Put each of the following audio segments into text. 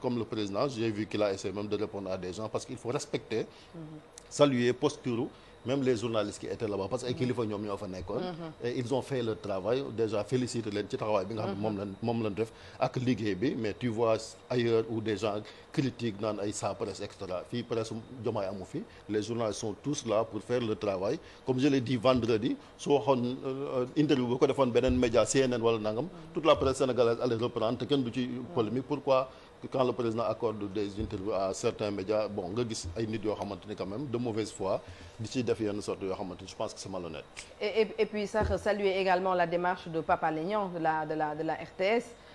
comme le président j'ai vu qu'il a essayé même de répondre à des gens parce qu'il faut respecter saluer posture même les journalistes qui étaient là-bas parce qu'ils ay kilifa ñoom mhm. travail, ils ont fait le travail déjà féliciter le travail taxawaay bi nga avec mhm. mais tu vois ailleurs où des gens critiquent dans sa presse etc. les journalistes sont tous là pour faire le travail comme je l'ai dit vendredi sur waxoon euh, interview bu ko fait beneen média CNN mhm. toute la presse sénégalaise allait reprendre te kenn du ci polémique pourquoi quand le président accorde des interviews à certains médias bon il a ay nit quand même de mauvaise foi je pense que c'est malhonnête. et et, puis ça saluer également la démarche de Papa Léon de la de la de la RTS.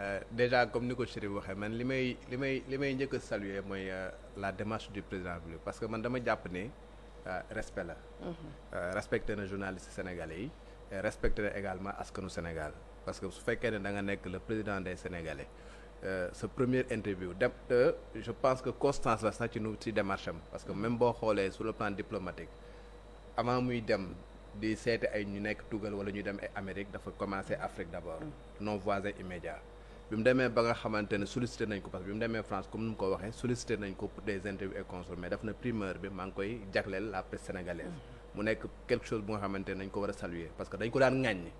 Euh, déjà comme nous, je dit, saluer euh, la démarche du président parce que je suis un japonais respect mhm. euh, journalistes sénégalais et respecter également à Sénégal parce que su le président des sénégalais ce première interview je pense que constance la être une démarche parce que même on sur le plan diplomatique avant muy nous di cette ay ñu nekk commencer Afrique d'abord mhm. nos voisins immédiats bi mu demee ba nga xamante ne sollicité nañ ko parce que bi mu demee France comme ni mu ko waxee sollicité nañ ko pour des et consul mais na primeur bi maa ngi koy jagleel la presse sénégalaise. mu nekk quelque chose bu nga xamante ne dañ ko war a saluer parce que dañ ko daan ŋàññi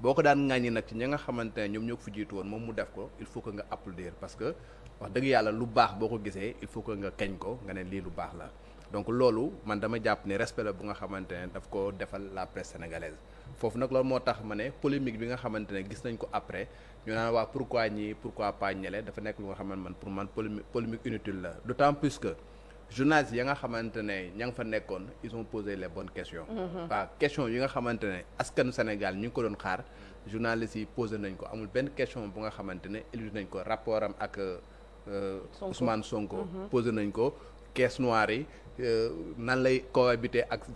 boo ko daan ŋàññi nag ci ñi nga xamante ne ñoom ñoo ko fi jiitu woon moom mu def ko il faut que nga applaudir parce que wax dëgg yàlla lu baax boo ko gisee il faut que ko nga ne lii lu baax la donc loolu man dama jàpp ni respect bu nga xamante ne daf ko defal la presse sénégalaise. foofu nak lool moo tax ma polémique bi nga xamante gis nañ ko après ñu naan wa pourquoi ñi pourquoi pas ñele dafa nekk lu nga xamant man pour man polémique inutile la d'autant plus que journalistes ya nga xamante ñang fa nekkoon ils ont posé les bonnes questions. Mhm. waaw question yi nga xamante ne Sénégal ñu ko doon xaar journalistes yi posé nañ ko amul ben question bu nga xamante ne élu nañ ko rapport am ak. Euh, Ousmane Sonko mhm. posé nañ ko caisse noire yi. Euh, nan lay cohabiter ak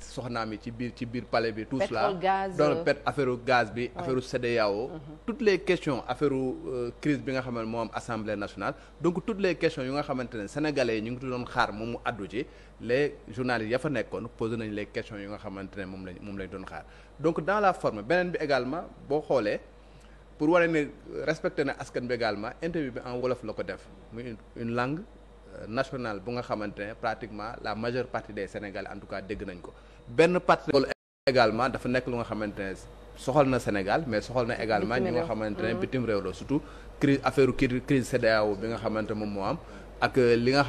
palais tout cela euh. pet gaz mhm. toutes les questions affaire euh, crise bi nga assemblée nationale donc toutes les questions yu nga sénégalais ñu les journalistes ya les questions donc dans la forme benen bi également pour askan également interview en wolof une langue national bu nga pratiquement la majeure partie des Sénégal en tout cas dégg nañ ko ben partie également dafa nek lu nga na Sénégal mais soxal na également ñi nga xamantene mm-hmm. surtout crise affaire crise CEDEAO bi nga euh, li nga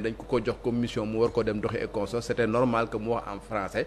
dañ ko ko jox c'était normal que mu en français